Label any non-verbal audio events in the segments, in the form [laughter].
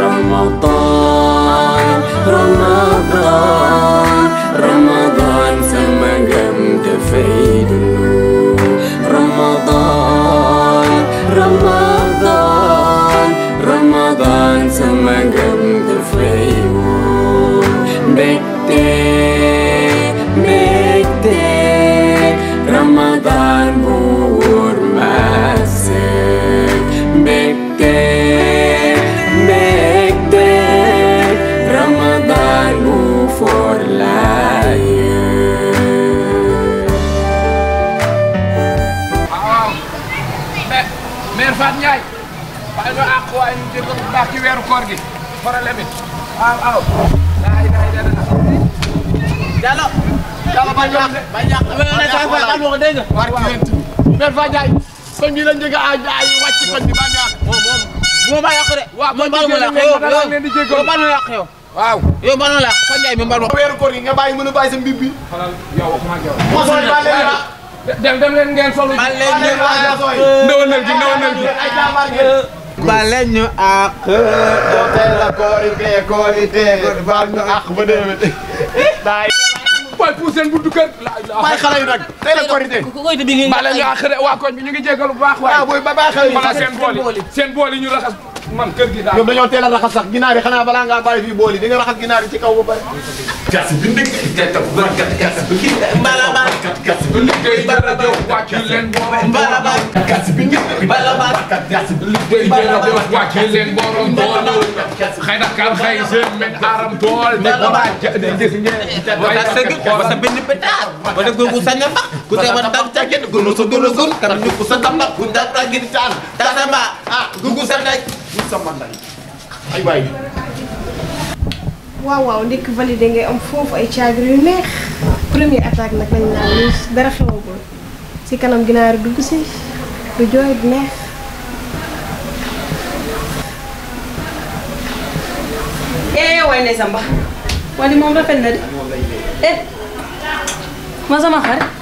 Ramadan Ramadan Ramadan Fatou Ndiaye waaye ñu àq waaye ñu jéem bu baax ci weeru koor gi problème bi waaw waaw. daa yi daa yi dana Diallo. Diallo bañ a àq bañ a àq. waaw waaw waaw waaw dégg nga. waaw waaw Mère Fatou Ndiaye. kon ñu lañ jóge ay ay wàcc kon bi bañ a àq. moom moom moom maa yàq de. waaw man maa la yàq yow yow maa la yàq yow. waaw yow maa la yàq Fatou Ndiaye mi mbal ma. weeru koor gi nga bàyyi mën a bàyyi sa mbib bi. xoolal yow wax ma ak yow. dem dem leen ngeen solu. bale ñu àq ndawanal gi ndawanal gi. bale ñu àq. doo teel la koorite koorite baal ñu àq ba déwén. waaye pour seen buntu kër. waaye xale yi nag tey la korité. koorite ñu àq waa koñ bi ñu ngi jégalu bu baax waaye. Ah, ba baax xale yi seen bool yi seen bool yi ñu raxas. man kër gi daal ñoom dañoo teel a raxas sax ginaar yi xanaa balaa ngaa bàyyi fii bool yi di nga raxas ginaar yi ci kaw ba pare. gerte bi nekk gerte bu baax gerte gerte bi kii Mbalaba. gerte bi liggéey dara jox wàcc leen borom. Mbalaba gerte bi nekk Mbalaba. gerte bi liggéey dara jox wàcc leen borom doole. xëy na kan xëy seen mën aaram tool. Mbalaba gerte gi gis ngeen. waaye gerte gi xoolal sa benn pétard. wala googu sa nga mbax. Kuteban tak cakin gunung segunung gun waaw waaw ndekk validé ngay am foofu ay caabi yu neex première attaque nag lañ naan lu dara xewagul si kanam ginaar dugg si du jooy du neex ee eh, waay samba wali moom rafet na de eh ma sama xarit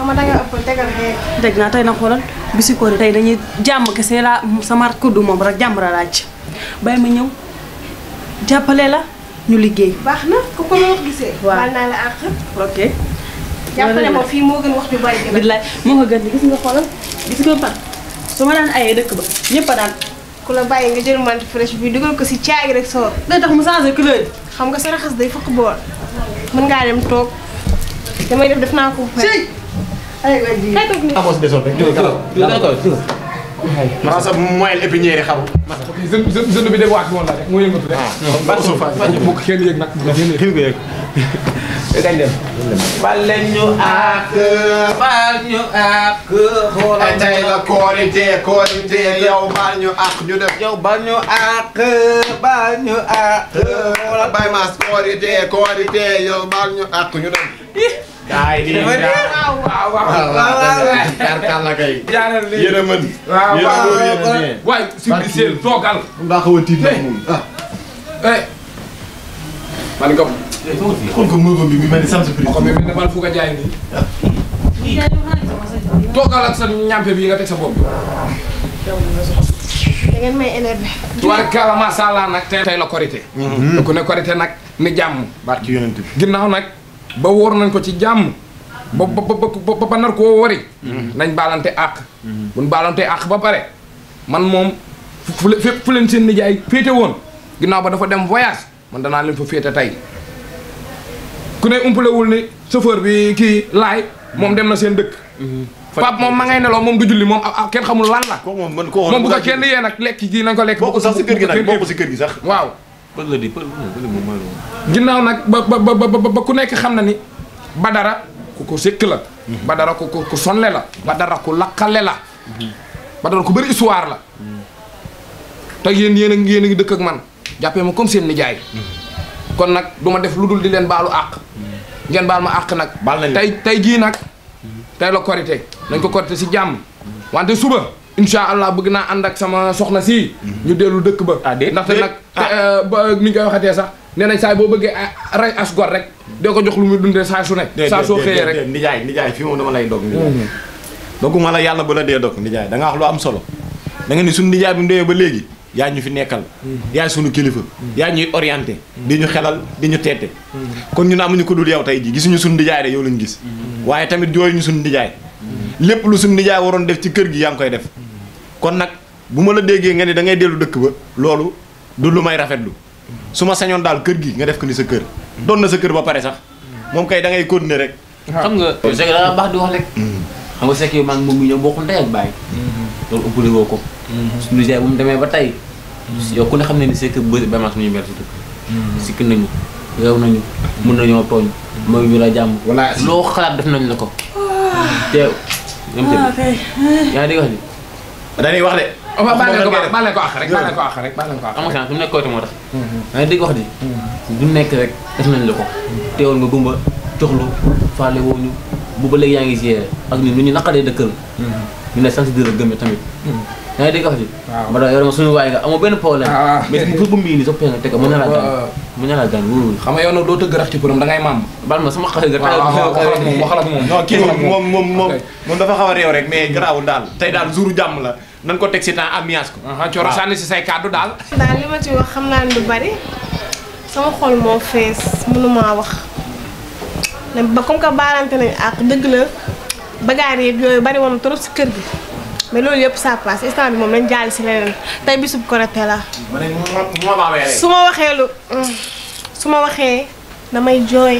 xam nga nga ëppal tegal bisi koori tey dañuy jàmm kese la sama kudd moom rek jàmm la laaj bàyyi ma ñëw jàppale la ñu liggéey. baax na ko wax gisee. waaw la àq. ok. jàppale ma fii moo gën wax ju bari gën. billaay moo ko gën gis nga gis nga daan dëkk ba daan. ku la nga jël fresh bi dugal ko si caagi rek soor. day tax mu changé couleur. xam nga sa raxas day fokk bool. mën ngaa dem damay def def ko. ay waay jii amoo si desoon rek. jërëjëf jërëjëf maanaam moelle épinière xaru. bi dem waat woon la rek moo yëngatu rek. Ah, bu kenn yëg nag dañ dem. bal leen ñu àq. bal ñu àq. xoolal tey la koorite koorite yow bal ñu àq ñu def. yow bal ñu àq. bal ñu àq. xoolal bay maas koorite koorite yow bal ñu àq ñu def. daa yi nii waaw waaw waaw waaw kàr kàr la kay. jaarale léegi yéen a mën. waaw waaw waay Sidi Sène toogal. ndax xaw a tiit na moom ah. man nga. xool ko mënoo bi mi mel ni sans prix. xool mi mel ne man fu nga jaay nii. toogal ak sa ñampe bi nga teg sa bopp. da ngeen may énervé. tuwaar kàlla macha allah nag tey la korité. Mhm. ku ne korité nag ni jàmm. barki yonent bi ginnaaw nag. ba woor nañ ko ci jàmm ba ba ba ba nar koo wari mm-hmm. nañ baalante àq mm-hmm. buñ baalante àq ba pare man moom fépp fu leen seen nijaay féete woon ginnaaw ba dafa dem voyage man danaa leen fa féete tey ku ne umpalewul ni chauffeur bi kii laay moom dem na seen dëkk mm-hmm. Pape moom ma ngay neloo moom du julli moom kenn xamul lan la moom bu ko kenn yee nag lekk gi nañ ko lekk bokk sax si kër gi nag bokk si kër gi sax waaw pël la di pël moom mooy ginnaaw nag ba ba ba ba ku nekk xam na ni Badara ku ko sëkk la. ba mhm. Badara ku ku sonle la. ba dara ku lakkale la. Mhm. Badara ku bëri histoire la. Mhm. te yéen yéen a ngi yéen a ngi dëkk ak man jàppee ma comme seen nijaay. kon nag duma def lu dul di leen baalu àq. ngeen baal ma àq nag. baal tey tey jii nag. tey la korite nañ ko korite si jàmm wante suba. inshallah allah bëgg na andak sama soxna si. ñu délu dëkk ba. Ah, ndax nak ah. euh, ba ni nga koy sax nee nañ saa boo bëggee ah, rey rek. doo ko jox lu muy dundé sa su nek sa so xëyee rek nijaay nijaay fi mo dama lay dog. dogu mala yalla bu la dé dog nijaay da nga wax lu am solo. da nga ni suñu nijaay bi mu ba légui ya ñu fi nekkal. ya suñu kilifa. ya ñuy orienté. Mhm. di ñu xelal di ñu tété kon ñun amuñu ko dul yow tay ji suñu rek yow lañu gis. waye tamit suñu lépp lu suñu nijaay waroon def ci kër gi yaa ngi koy def kon nag bu ma la déggee nga ni dangay dellu dëkk ba loolu du lu may lu su ma sañoon daal kër gi nga def ko ni sa kër doon na sa kër ba pare sax moom kay da ngay continuer rek ah. xam nga Seck dana di wax rek hmm. xam nga Seck yow maa ngi moom mi ñëw bokkul ndey ak hmm. ko hmm. suñu bu mu demee ba tey yow ku xam ne ni Seck bë bamance nuñu mel si dëkk sikk nañu yow nañu mën nañoo tooñ mooy ñu la jàmm loo xalaat def nañ la ko ah. teew. ah kay yaa ngi wax ni. wax de. wax a baax baal leen ko àq rek baal leen ko rek baal leen ko àq rek. xam nga koy moo tax. wax di du nekk rek def nañ la ko. teewal nga gumba coxlu faale woo ñu bu ba yaa ngi gérer ak ñun lu ñu naqaree dëkkal. ñu ne sensibiliser gëm tamit. Nah dégg wax ji ma da yow suñu waay nga amoo benn problème ah, ah. mais bu bu mbii ni soppee nga teg mu ñala gaañ ah, mu ñala gaañ wóorul xam nga yow nag doo tëgg rax ci përëm da ngay maam bal ma sama xale nga waxal moom waxal moom non kii moom moom moom moom dafa xaw hmm. a rek mais garaawul daal tey daal jouru jàmm la nan ko teg si temps ambiance ko cooro sànni si say kàddu daal daal li ma ci wax xam naa lu bari sama xol moo fees mënumaa wax ba comme que baalante nañu àq la bagaar yi yooyu bari woon trop si kër gi mais loolu yëpp saa passe instant bi moom lañ jaali si leneen tey bisub Korité la. su ma waxee lu mm, su ma waxee damay jooy.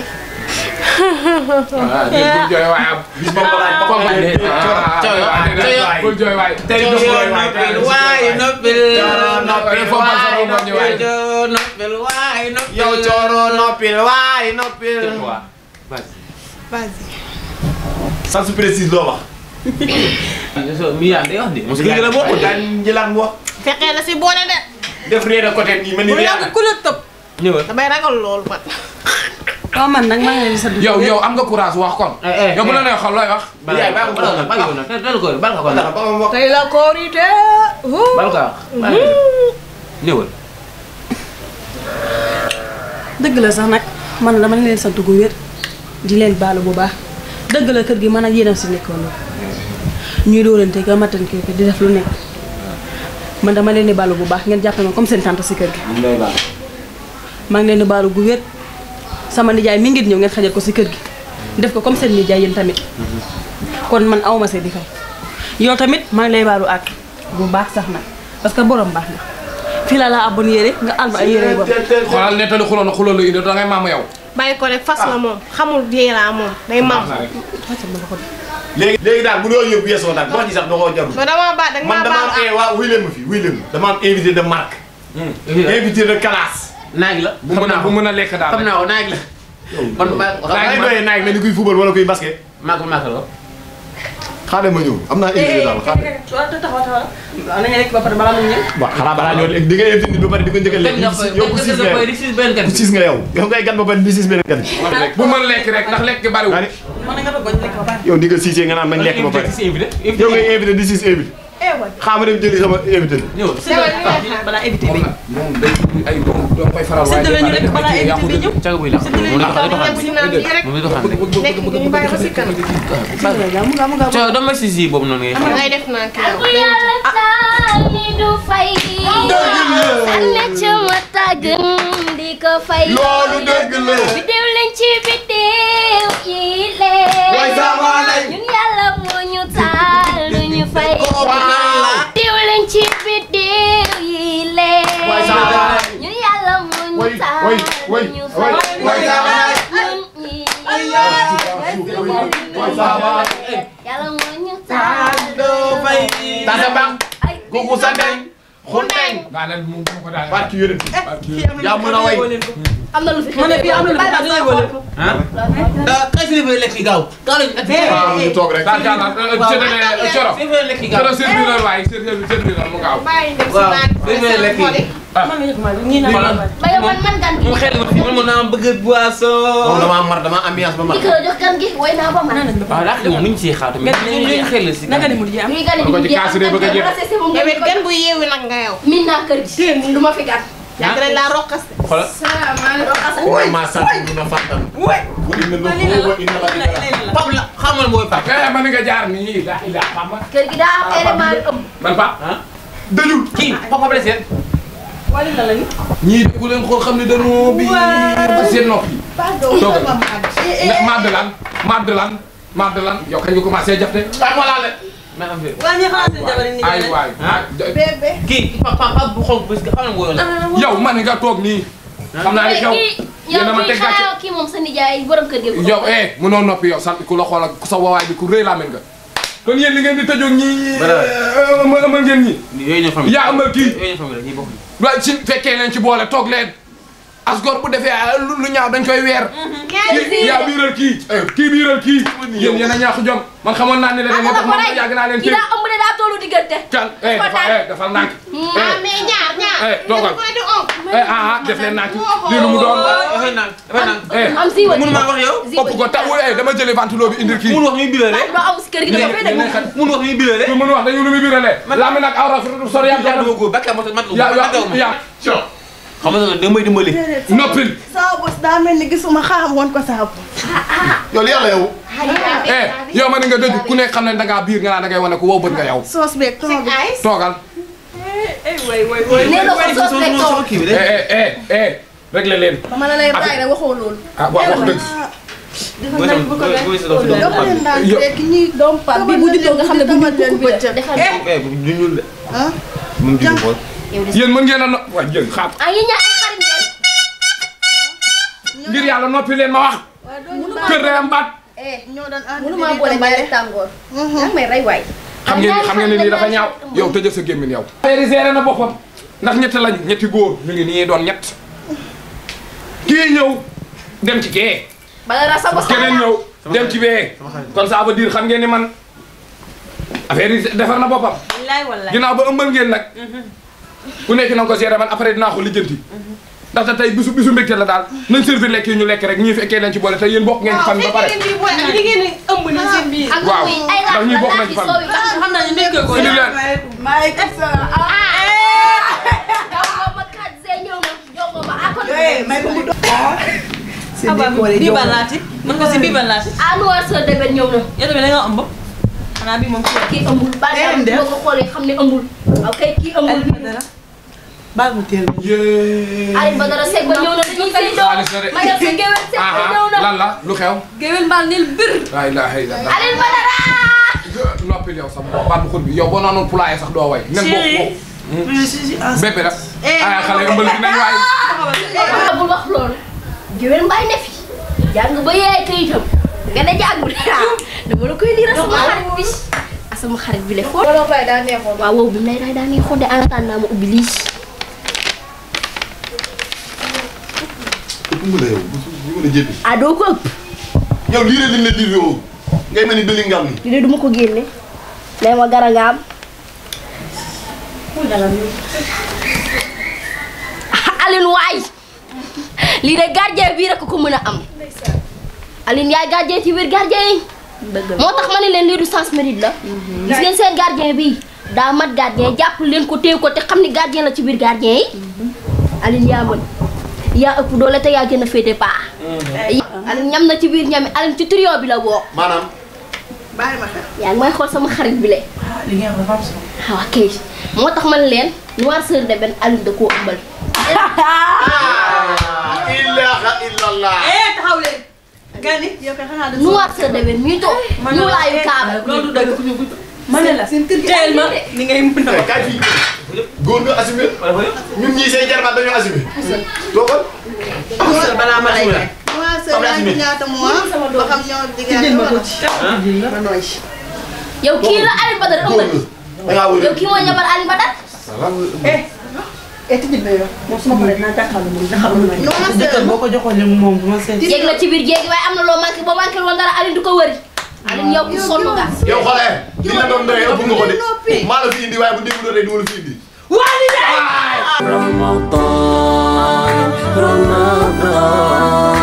ah jooy waay so mi yande on de musu gila boko tan jelang bo fekke la sini. boole kau? ya man la man dama leen sa dugg di leen balu bu baax deug la gi man ak yeenam ci ñuy dóorante ka matan kii di def lu nekk man dama leen di baalu bu baax ngeen jàppale ma comme seen tante si kër gi. maa ngi leen di baalu gu wér sama nijaay mi ngi ñëw ngeen xajal ko si kër gi def ko comme seen nijaay yéen tamit. kon man awma see di yow tamit maa ngi lay baalu àq bu baax sax na parce que borom baax na fii laa laa abon yére nga àll ay yére ba. xoolal nettali xuloon na xuloon la indi dangay maam yow. bàyyi ko rek fas la ah. moom xamul yéeraa moom léegi léegi daal bu loolu yëpp yeesoo daal wax ji sax da koo jarul. damaa ba da nga maa ma fi wuy leen ma. dama am invité de marque. invité de classe. naaj la bu mën a bu mën a lekk daal naa ko naaj la. kon ma xam naa ne naaj mel kuy football wala kuy basket. maa ko maa ko xaaral ma ñëw am naa invité eh, eh, daal xaaral. Eh, waaw xanaa balaa ñëw di nga invité ba pare di ko njëkkal lekk. yow ku siis nga yow ku siis nga yow yow ngay gan ba pare di siis beneen gan. bu mën lekk rek ndax lekk bariwul. yow ni nga siisee nga naan nañ lekk ba pare yow ngay invité di siis invité Eh, xaaral ma dem jëli sama invité bi. ñëw si balaa invité bi. moom day ay moom da koy faral waaye. si danañu rek balaa invité bi ñëw. caaga buy la xam moom dafa doxal si naan yi rek. moom dafa doxal rek nekk gi ñu bàyyi ba si kanam. caa dama si si boobu noonu ngay. am ngay def naa kii yow. Ah. loolu dëgg la. Baba yàlla moo ñu tàndoo fay tànn baax gugu sa ndey xundeñ barki yërëm yaa mën a way am na lu fi mën a bi am na lu fi dañuy wala ah kay fi lebe lekk gaaw gaaw lañu ak ñu toog rek barka la ci demee coro coro servir waay servir servir mu gaaw waaw fi lebe lekk ah man man man gan gi xel man mo na bëgg boisson mo dama mar dama ambiance ba man ko man ah la xam ñu ci xatu mais ñu xel ci naka di am ñu gan ko ci kaas re bëgg jeex mais gan bu yewu nak nga yow min na sama ma sa dina fatam way wa inna wa inna pap la xamal moy pap kay man nga jaar ni la ila pap kër papa blessé wala na la ni. ñii ku leen xool xam ne dañoo bi seen nopp yi. toog madd eh, eh, eh. lan madd lan madd lan yow kañ nga commencé jafte ak wala la. maa am kii papa bu xonk parce que xam nga ah, yow man nga toog nii. Ah. xam naa ne yow yéen a ma teg gàcce kii moom sa nijaay borom kër gi yow eh mënoo noppi yow sant ku la xool ak sa wawaay bi ku rëy laa mel nga. kon yéen li ngeen di tëjoog ñii. mën ngeen ñii. yooyu ñoo famille yaa amal kii yooyu ñoo famille ñii bokk waaye si fekkee leen ci boole toog leen asgor bu defee ah, lu ñaaw dañ koy weer. Mhm. kii yaa eh, biiral kii kii biiral kii. yéen yéen a ñaaxu jom man xamoon naa ne la moo ah, tax man yàgg naa leen. kii daa ëmb ne daa tollu diggante. kan eh, dafa dafa eh, nànk. Mm. ah mais ñaar ñaar. toogal ah, ah def leen nànk lii lu mu doon. dafay nànk dafay nànk. am si mun maa wax yow. ëpp ko tawul dama jëlee ventilo bi indil kii. mun wax ñuy birale. ah am si kër gi dama fay dëgg. mun wax ñuy birale. wax dañu lu muy birale. man laa mi nag aw xam nga da may dimbali. noppil. saabu bos daa mel ni gisuma xaaral woon ko saabu. yow yàlla yow. Eh, yow ma ne nga dëju ku nekk xam ne dangaa biir nga naan dangay wane ko wow bët nga yow. soos beeg toogal. Eh, eh, way way way nee na ko soos toogal. rek la leen. ma la lay bàyyi rek waxoo loolu. Ah, wax dëgg. dafa nekk bu ko def doom bi bu juddoo nga xam ne bu ñu yéen mën ngeen a no wax jën xaar. ah yéen ñaar xarit ngeen. ngir yàlla noppi leen ma wax. kër day am baat. Eh, ñoo doon ah mënuma boole mhm. waay. xam ngeen xam ngeen ne lii dafa ñaaw. yow tëjee sa gémmiñ yow. affaire seere na boppam ndax ñetti lañ ñetti góor ñu ngi nii doon ñett kii ñëw dem ci kee. bala rasa ba keneen ñëw dem ci bee. kon ça veut xam ngeen ni man affaire defar na boppam. ginnaaw ba ëmbal ngeen nag. Mhm. ku nekk na nga ko gérer man après dinaa ko lijjanti ndaxte tey bisu bisu mbégte la daal nañ servir lekk yi ñu lekk rek ñii fekkee leen ci boole te yéen bokk ngeen ci fan ba pare waaw ndax ñii bokk nañ ci fan si biir ko mën nga si biir laati. ah nu war soo demee ñëw na. yow tamit da nga ëmb. xanaa bi moom kii ëmbul baal boo ko xoolee xam ne ëmbul. ok kii ëmbul bi baal mu teel a. Alioune Badara Seck ba ñëw na dañuy say doon ma def si géwél Seck ba ñëw na. lan la lu xew. géwél mbaal nil bir. la ilaha illa Allah Alioune Badara. noppil yow sama baal bu xur bi yow boo naanoon poulailler sax doo way. nen bokk je suis bébé la. Eh, ay xale ëmbal gi nañ waay. bul wax loolu. géwél mbaay ne fi jàng ba yaay te itam. Gak ada dara dama la koy dira di rasa sama xarit bi la fo wala fay da neexo wow bi lay ray da neexo de en attendant ma ubbi lii Kumba yow bu ma la jébbi ah doo ko ëpp yow lii rek ni gara nga [laughs] am am alin yaay gardien ci biir gardien motax mané len li du sens mérite la gis mhm. ngeen sen gardien bi da mat gardien oh. japp len ko téye ko te xamni gardien la ci biir gardien yi mhm. alin ya mën ya ëpp doole te ya gëna fété pa mhm. ya, alin ñam na ci biir ñam alin ci trio bi la wo manam bàyyi ma xel yaa ngi may xool sama xarit bi lé li ngeen ko fam sama waaw kay moo man len noir sœur de ben alin da ko ëmbal ah, illa illa allah eh taxaw leen nga ni yow iya, kay xanaa da nu war sa demee ñu toog ñu laayu kaaba loolu dëgg mané la seen kër teel ma ni ngay mën a ka fi goor nga assumé ñun ñi sey jarba dañu assumé togal amul bala ma lay wa sa la ñaata mo ali badar ali badar eh etijibbeyo mosuma naata xalumul da xalumul boko joxo le mom buma sét jégg la ci bir ngomong way amna lo manki bo manki won dara alin du ko wëri alin yow ku sonu nga yow xolé dina doon doy yow bu nga ko dé ma la fi indi way bu déggu do ré du wala fi indi wali day ramadan ramadan